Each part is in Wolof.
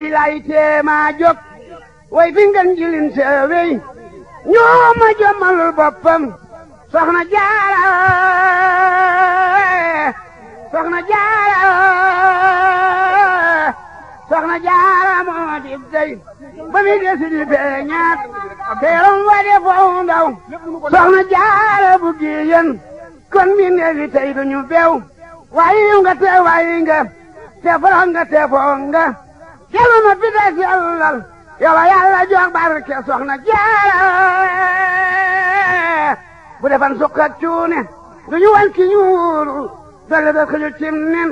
lay teema jóg way fi ngeen jilin seewey ñoo ma jëmmalul boppam soxna jaara soxna jaara moo di dey ba mi desi di feeñaat teeram wa de foofu soxna jaara bu giyen kon mi neefi tey duñu beew waayi nga te waayi nga te foro keluma bi da sellal yow yàlla jox barke soxna jaara bu defan suq ak cuune duñu wan ki ñuulu dolle da xëju cim nen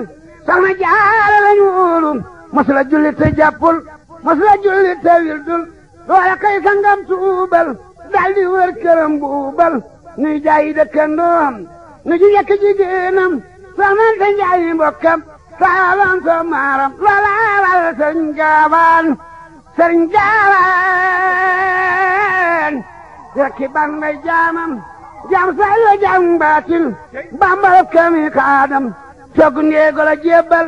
mosula julli te jàppul mosula julli te wildul loola kay sangam tuubal daldi wër këram buubal nuy jaayi dëkkandoom nu ji yekk jigéenam soxna te njaayi mbokkam taalan ko maaram lalaalal sëñ jaabaan sëñ jaabaan rekki ban na jaamam jam sayla jam baatin bambal kami kaadam cog ndeegola jébbal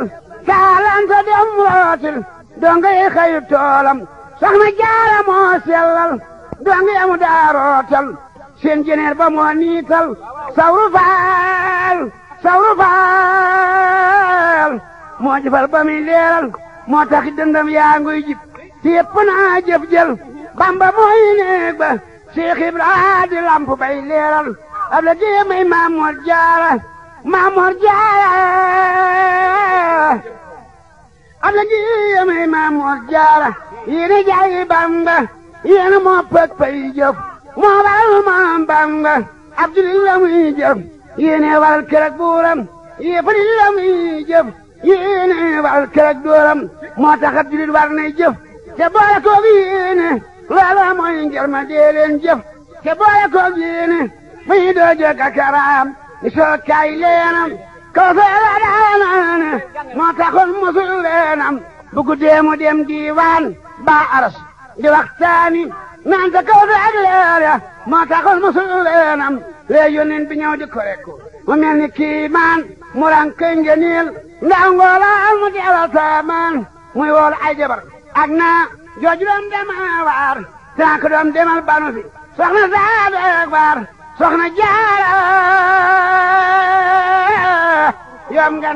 taalan ko dem rootil donga yi xayu toolam soxna jaara moo sellal donga yamu daarootal seen jeneer ba moo niital sawru faal moo jëfal ba muy leeral moo taxi dëndam yaa nguy jib te yëpp jëf jël bamba mooy néeg ba Cheikh Ibra di lamp bay leeral ab la jee may Maamoor Jaara Maamoor Jaara ab la jaayi bamba yéena moo pëg pay jëf moo waral moom ab jullit muy jëf yéena waral kër buuram yéefari la muy jëf yéene waral kerek dooram moo a julit war nay jëf te boole koog yéene loola mooy njërma dee leen jëf te boole koog yéene muy doo jëkk a karaam ni sol kaay leenam kaw soo la daanaane moo taxoon musul leenam bu guddee mu dem diiwaan baa aras di waxtaani naan ta kaw soo ak leer ya moo taxoon musul leenam lee yónneen bi ñëw di ko rekku mu mel ni kiimaan mu rànkay ngeniil ndax ngoola almu di alal saamaan muy wool ay jabar ak naa jooju doom dem waar tànk doom demal banu fi soxna saa doog waar soxna jaara yoom nga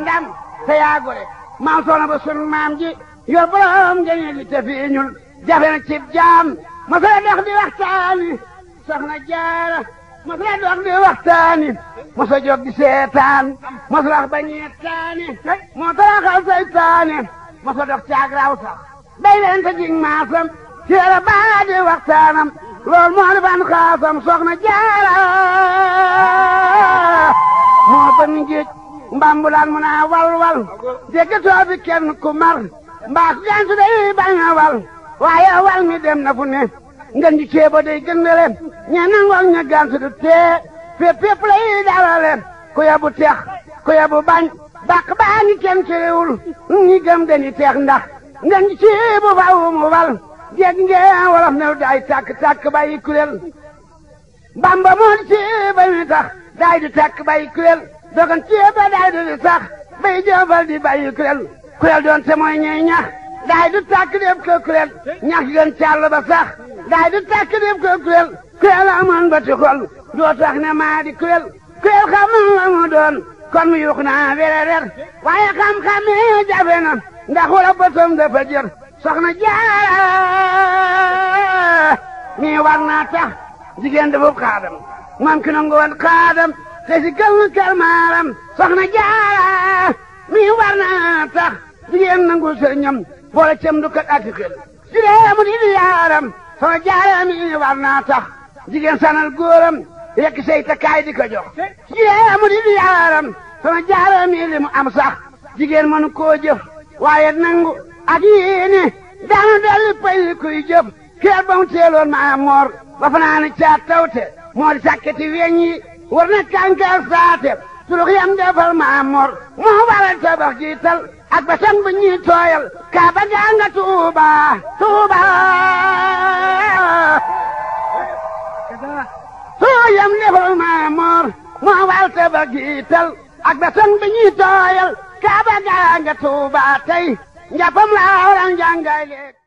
te yaa gore maam soxna ba sunu maam ji yor borom ngeniil li te fii ñul jafe cib jaam ma fay dox di waxtaani soxna jaara mos di a seetaan mos ba ñettaani moo taraxal saytaani mos a dox caag raw sax bay leen ta maasam ci la baa di waxtaanam loolu moo di ban xaasam soxna jaara moo ba mi ngiej mu naa walwal dégg too bi kenn ku mar mbaa ku gàntu day bañ a wal waaye wal mi dem na fu ne ngan di tee ba day gën na leen ña nangoog ña gàntu du tee fépp fépp la yi dara leen ku yabu teex ku yabu bañ bàq baa ngi kenn terewul ñi gëm dañuy teex ndax ngan di tee bu faw mu bal dégg ngeen wolof new daay tàkk-tàkk bàyyi kuréel bamba moo di tee ba muy tax daay di tàkk bàyyi kuréel dogan tee ba daay di sax bay jëfal di bàyyi kuréel kuréel doon te mooy ñuy ñax daay du tàkk def ko kuréel ñax gën càll ba sax gaay di tàkk def ko kuréel kuréel amoon ba ti xol doo ne maa di kuréel kuréel xamoon la doon kon mu yuux naa wererer waaye xam-xam jafe na ndax wala bëtam dafa jër soxna jaara mi war naa tax jigéen dafa xaadam moom ki nangu woon xaadam te si kël nu kël maaram soxna jaara mi war naa tax jigéen nangul sëriñam boole cem du kat ati xel jureemu di di yaaram soo jaaree mi war naa tax jigéen sanal góoram yekk say takkaay di ko jox eh? jigéen mu di yaaram soo jaaree mi li am sax jigéen mënu waaye nangu ak yéene daanu delli pay li kuy jëf kër ba mu maa moor ba fanaani caa tawte moo di sàkketi weñ yi war na kànkaar saate turux yam defal maa moor moo waral tabax jiital ak ba san bu ñuy tooyal kaa ba gaa nga tuuba yam defal maa moor moo walte ba giital ak batan bi ñuy tooyal kaaba gaa nga tuuba tey njàppam laa waral njàngay léegi